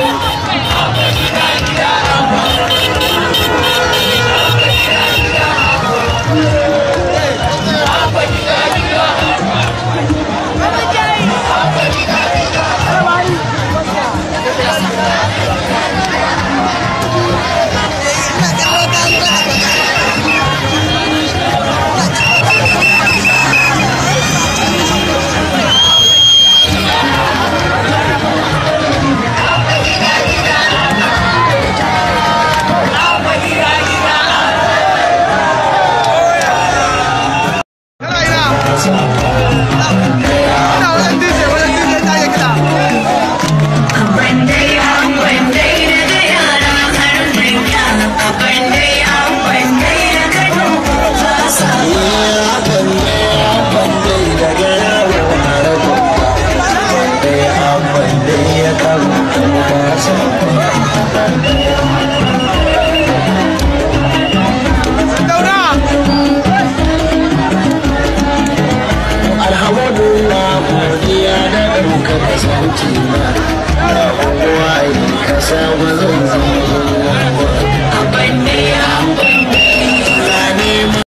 Gracias. ka da sauki na na kowa in ka samu zan zama